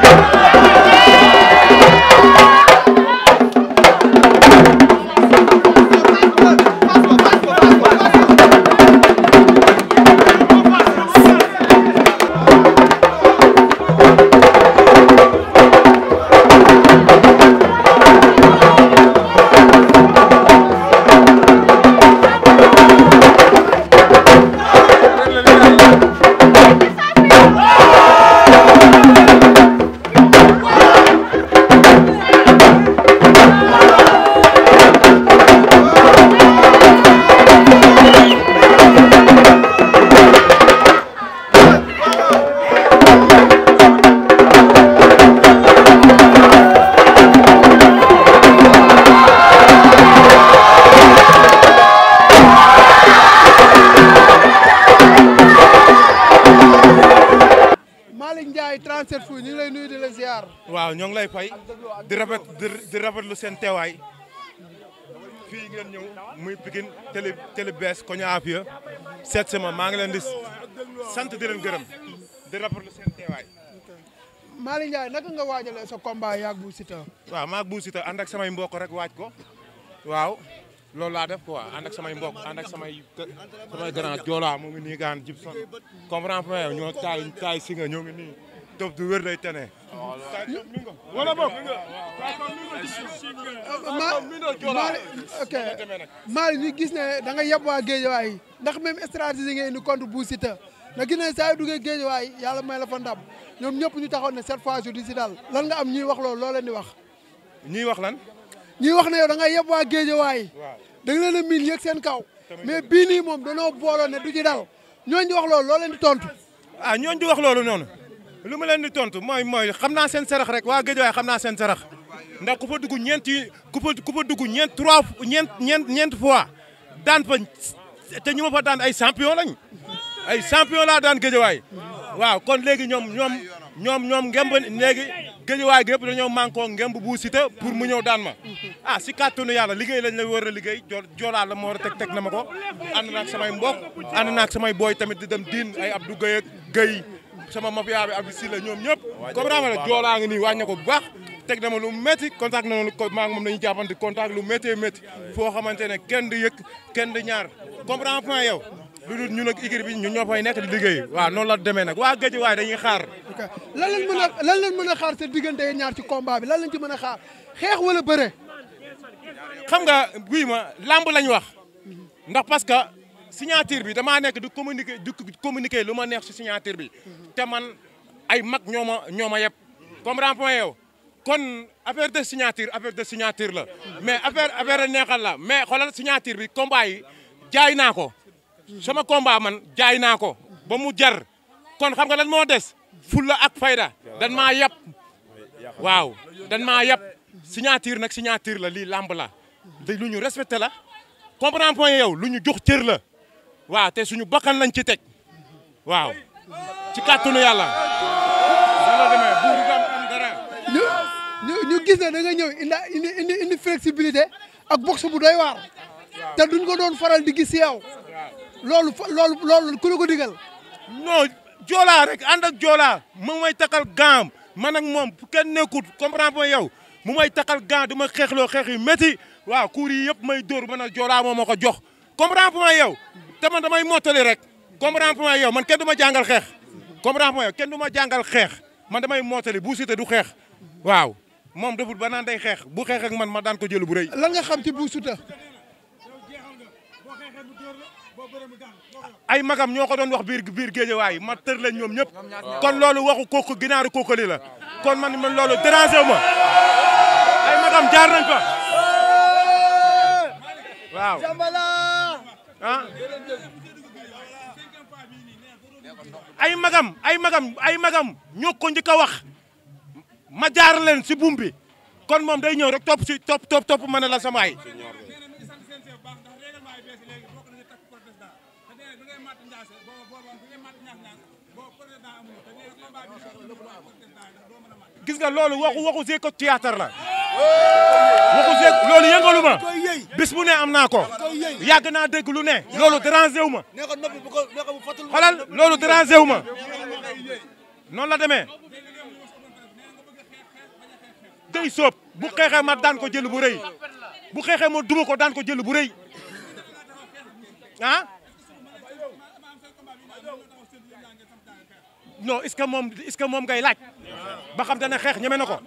Thank you. Ablaye Faye di rafet di rafetlu seen teewaay fii ngeen ñëw muy tele télé télé bees Kogna Afia seet sama maa ngi leen di sant di leen gërëm di rafetlu seen teewaay. Malick Ndiaye naka nga waajalee sa combat yaag bu Siteu. waaw maag bu Siteu ànd ak samay mbokk rek waaj ko waaw loolu laa def quoi ànd ak samay mbokk ànd ak samay samay grand Joola mu ngi nii gaan Gibson comprends pas ñoo taay taay si nga ñoo ngi nii topp du wér day tene. wala boog Mali ñu gis ne da nga yab waa Géejawaay waay ndax même stratégie ngay indi contre bu Siteu na gis ne saa yu duggee Géejawaay yàlla may la fa ndam ñoom ñëpp ñu taxoon ne cette fois di si daal lan nga am ñuy wax loolu loo leen wax ñuy wax lan ñuy wax ne yow da nga yab waa Géejawaay yi da nga leen miin yëg seen kaw mais bii nii moom danoo booloon ne du ci dal ñooñu di wax loolu loo leen di tontu ah ñooñu di wax loolu noonu lu ma leen di tontu mooy mooy xam naa seen sarax rek waa Géejawaay xam naa seen sarax ndax ku fa dugg ñeenti ku fa ku fa dugg ñeent ñeent ñeent ñeent fois daan fa te ñu ma fa daan ay champion lañ ay champion laa daan Géejawaay waaw kon léegi ñoom ñoom ñoom ñoom ngemb léegi Géejawaay gi yëpp dañoo manqué ngemb bu Siteu pour mu ñëw daan ma ah si kàttanu yàlla liggéey lañ la war a liggéey joolaa la ma war tek teg na ma ko ànd naak samay mbok ànd naak samay booy tamit di dem diin ay Abdou Gueye ak Gueye sama mafia bi ak si ñoom ñëpp comprendre la joolaa ngi nii wàññi ko bu baax teg dama lu métti contact na noonu maa ngi moom dañuy jàppante contact lu méttee métti foo xamante ne kenn di yëg kenn di ñaar comprendre point yow lu dul ñun ak igir bi ñun ñoo fay nekk di liggéey waa noonu la demee nag waa géej waaye dañuy xaar lan la mën a lan lañ mën a xaar sa diggante ñaar ci combat bi lan lañ ci mën a xaar xeex wala bëre xam nga guy ma lamb lañ wax mhm. ndax parce signature bi je communiquer du communiquer neex signature bi te man ay mag comprends point yow kon affaire de signature affaire de signature la mais affaire affaire neexal la mais signature bi combat yi jaay sama combat man jaay nako ba mu jar kon xam nga des fulla ak dan ma dan ma signature nak signature la li la la comprends point yow waaw te suñu bakkan lañ ci teg waaw ci kàttanu yàlla. ñu gis ne da nga ñëw indi indi indi flexibilité ak boxe bu doy waar te duñ ko doon faral di gis yow loolu fa loolu loolu ku la ko digal. non rek ànd ak joolaa mu may takal gaam man ak moom kenn nekkut comprendre pas yow mu may takal gaam di ma xeexloo xeex yu métti waaw kuur yi yëpp may dóor man ak joolaa moo ma ko jox comprendre pas yow. te man damay mottali rek comprendre point yow man kenn du ma jàngal xeex comprendre point yow kenn du ma jàngal xeex man da mottali Bou Siteu du xeex waaw moom deful ba naan day xeex bu xeex man ma daan jël bu rëy. lan nga xam ci Bou Siteu. ay magam ñoo ko doon wax biir biir géejewaay ma tër leen ñoom ñëpp kon loolu waxu kooku ginaaru kookali la kon man man loolu déranger ma ay magam jaar nañ fa waaw. ah ay magam ay magam ay magam ñoo ko wax ma jaar leen si buum bi kon moom day ñëw rek topp topp topp topp ma la samaay gis nga loolu waxu waxu si ko la waxu jéeg loolu yëngalu ma bis bu ne am naa ko yàgg naa dégg lu ne loolu dérangé wu ma xoolal loolu dérangé wu ma noonu la demee day soob bu xeexee ma daan ko jël bu rëy bu xeexee ma duma ko daan ko jël bu rëy ah non est que moom est moom ngay laaj ba xam te ne xeex ñeme na ko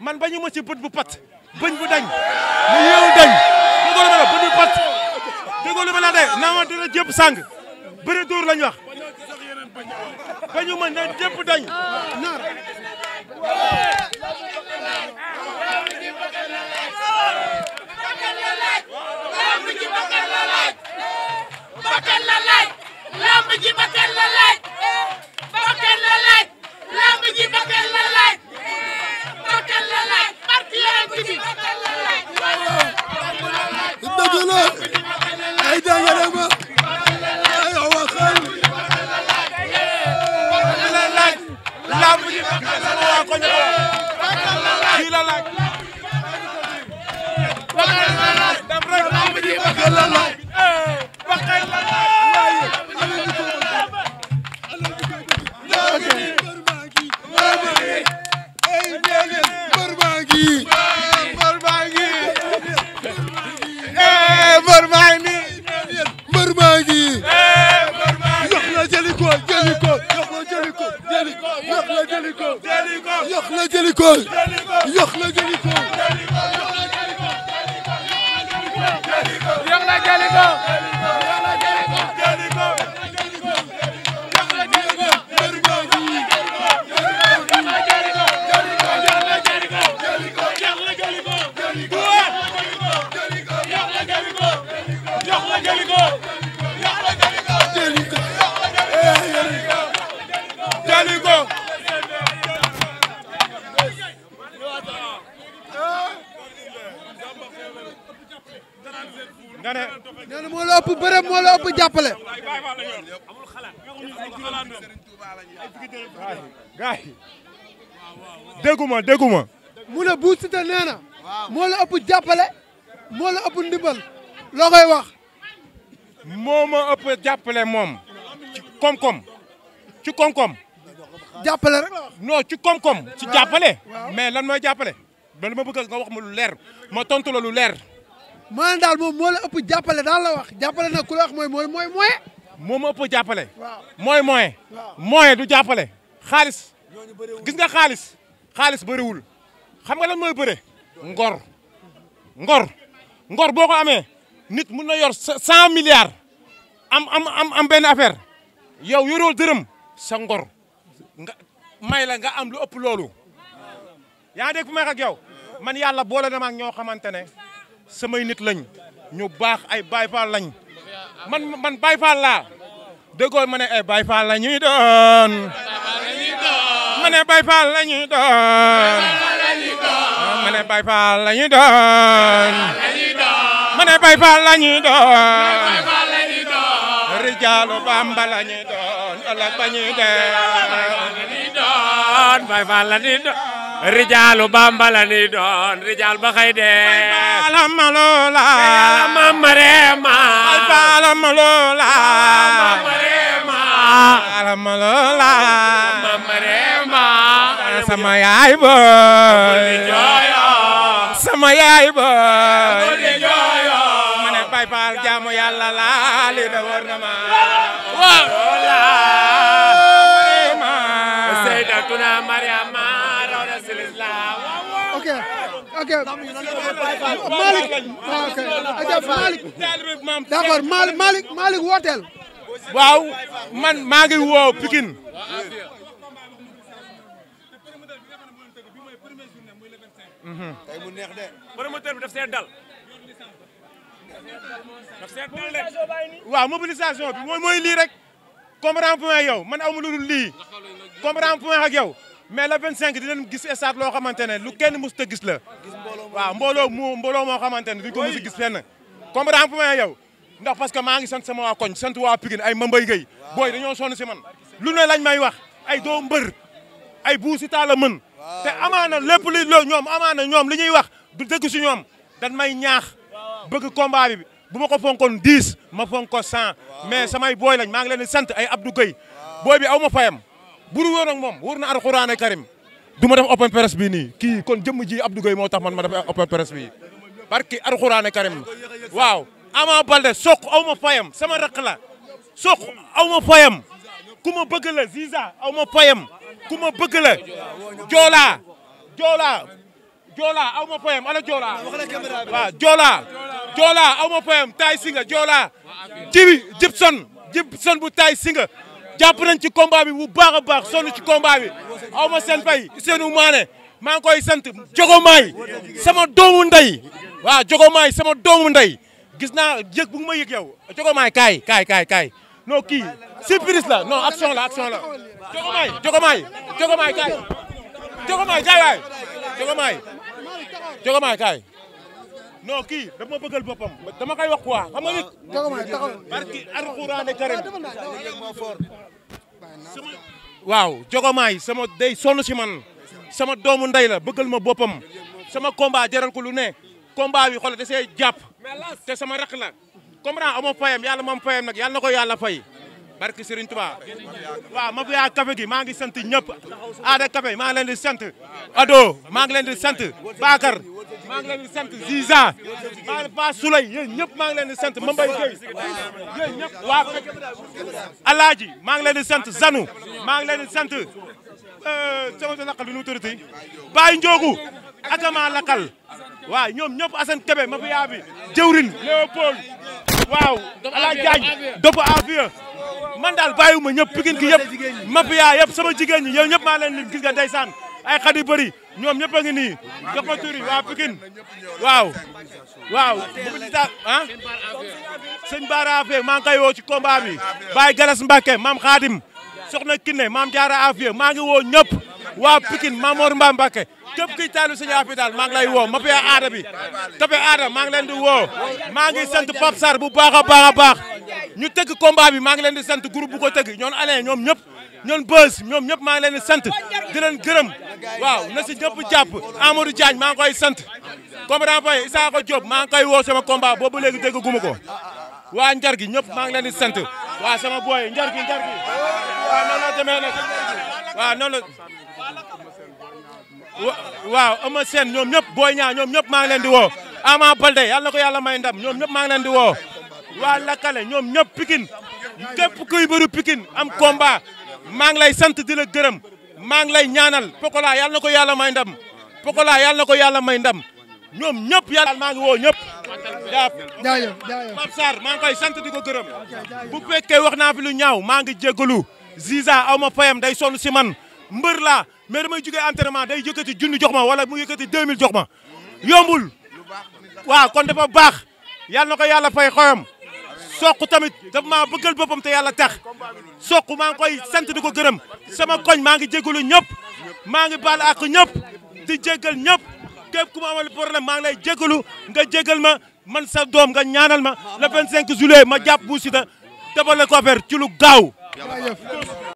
man bañu ma ci bët bu pat bëñ bu dañ mu yeewu dañ déggoo lu la bët bu pat déggoo lu la de naa wante na jëpp sàng bëri dóor lañ wax bañu ma na jëpp dañ naar de. nee na moo la ëpp bëre moo la ëpp jàppale. gaay déggu ma déggu ma. mu ne Bou Siteu nee ëpp jàppale. moo ëpp ndimbal. loo koy wax. moo ma ëpp jàppale moom. ci koom-koom. ci koom-koom. jàppale rek non ci koom-koom. ci jàppale. mais lan mooy jàppale. ba ma bëgg nga wax ma lu leer ma tontu la maanaam daal moom moo ëpp jàppale daal la wax jàppale na ku wax mooy mooy mooy moyen. moom jàppale. waaw mooy moyen. moyen du jàppale. xaalis gis nga xaalis. xaalis bëriwul xam nga lan mooy bëre. ngor ngor ngor boo ko amee nit mun na yor cent milliards am am am am benn affaire yow yoroo dërëm sa ngor nga may la nga am lu ëpp loolu yaa dégg fu may wax ak yow man yàlla boola na ma ak ñoo xamante ne. samay nit lañ ñu baax ay Baay Faal lañ man man Baay Faal laa déggoo ma eh, Baay Faal la ñuy doon ma Baay Faal la ñuy doon ma Baay Faal la ñuy doon ma ne Baay Faal la ñuy doon rijaalu Bàmba doon ëllëg ba doon rijaalu bamba la ni doon rijaal ba xay de baalam ma loola mama reema baalam ma loola mama reema baalam ma loola mama reema sama yaay boy sama yaay ma ne bay jaamu yàlla laa li da war na ma waaw loola Sayyidatuna Maryama aja Malick aja Malick ah, ah, waaw man woo Pikine waaw mobilisation bi lii rek comprendre point yow man aw ma lu lii comprendre point ak yow mais le 25 dinañ gis stade loo xamante ne lu kenn mosut a gis la. waaw mbooloo mu mbooloo moo xamante ne duñ ko mos a gis fenn. comprendre fu ma yow ndax parce que maa ngi sant sama waa koñ sant waa Pikine ay Mambay Gueye booy dañoo sonn si man lu ne lañ may wax ay doo mbër ay buu si taal a mën. te amaana lépp li loo ñoom amaana ñoom li ñuy wax du dëgg si ñoom dan may ñaax bëgg combat bi bu ma ko fonkoon 10 ma fonk ko 100 mais samay booy lañ maa ngi leen sant ay Abdou Gueye booy bi aw ma fayam. bu nu wóor moom wóor na alxuraan karim du ma def open press bi nii kii kon jëmm ji Abdou Gueye moo tax man ma def open press bi barki alxuraan karim waaw Ama Baldé soq aw ma sama rakk la soq aw ma fayam ku ma bëgg la Ziza aw ma fayam ku ma bëgg Joola Joola Joola aw ma fayam ala Joola waaw Joola Joola aw ma fayam Tay Singa Joola bu Tay Singa jàpp nañ ci combat bi bu baax a baax sonn ci combat bi aw ma seen fay seenu maane maa ngi koy sant jogomaay sama doomu ndey waaw jogomaay sama doomu ndey gis naa yëg bu nga ma yëg yow jogomaay kaay kaay kaay kaay non kii surprise la non action la la jogomaay jogomaay jogomaay kaay jogomaay kaay waay jogomaay jogomaay kaay non kii daf ma dama koy wax quoi xam nga nit. jogomaay taxaw barki alxuraane waaw jogomaay sama day sonn si man sama doomu ndey la bëggal ma boppam sama combat jaral ko lu ne combat bi xool da see jàpp te sama rakk la comprend amoo fayam yàlla moom fayam nag yàlla na ko yàlla pay barki Serigne Touba waaw mafia café gi maa ngi sant ñëpp Ada Café maa ngi leen di sant Ado maa ngi leen di sant Bakar maa ngi leen di sant Ziza maa Pa Souley yéen ñëpp maa ngi leen di sant Mambay waa Alaaji maa ngi leen di sant Zanu maa ngi leen di sant lakal euh, bi nu mu tuddati Baye lakal waaw ñoom ñëpp Assane Kebe mafia bi jëwrin Léopold waaw Alaaji Diagne dopp afiya man daal bàyyiwuma ñëpp Pikine ki yëpp mafia yëpp sama jigéen ñi yow ñëpp maa leen ni gis nga ndeysaan ay xadi bëri ñoom ñëpp a ngi nii jox ma tur yi waa Pikine waaw waaw mobilisation ah? Baara Afia maa ngi woo ci combat bi Baye Galas Mbacke maam Khadim soxna Kiné maam Diarra Afia maa ngi woo ñëpp waa Pikine Mamor Mba Mbacke képp kuy taalu sëñ Afia Tall maa ngi woo Mafia aada bi Tapé maa ngi leen di woo maa ngi sant Pape Sarr bu baax a baax ñu tëgg combat bi maa ngi leen di sant groupe bu ko tëgg ñoon Alain ñoom ñëpp ñoon Beuz ñoom ñëpp maa ngi leen di sant di leen gërëm waaw na si ñëpp jàpp Amadou Diagne maa ngi koy sant comprend boy Isaaka Diop maa ngi woo sama combat boobu léegi dégg guma ko waa njar gi ñëpp maa ngi leen di sant waa sama booy njar gi njar gi waaw noonu la demee nag waaw noonu waaw Eumeu Sène ñoom ñëpp Boy Niang ñoom ñëpp maa ngi leen di woo Ama Baldé yàlla ko yàlla may ndam ñoom ñëpp maa ngi leen di woo waa Lakale ñoom ñëpp Pikine képp kuy bëru Pikine am combat maa ngi lay sant di la gërëm maa ngi lay ñaanal Pokola yàlla na ko yàlla may ndam Pokola yàlla na ko yàlla may ndam ñoom ñëpp yàlla maa ngi woo ñëpp jaajëf jaajëf Pape Sarr maa ngi koy sant di ko gërëm bu fekkee wax naa fi lu ñaaw maa ngi jégalu Ziza aw ma fayam day sonn si man mbër laa mais damay jugee entraînement day yëkkati junni jox ma wala mu yëkkati 2000 jox ma yombul. waaw kon dafa baax yàlla na ko yàlla fay xoyam soq tamit dafa maa bëggal boppam te yàlla tax soq maa ngi koy sant di ko gërëm sama koñ maa ngi jégalu ñëpp maa ngi baal ak ñëpp di jégal ñëpp képp ku ma amal problème maa ngi lay jégalu nga jégal ma man sa doom nga ñaanal ma le 25 juillet ma jàpp Bou Siteu dabal la ko affaire ci lu gaaw.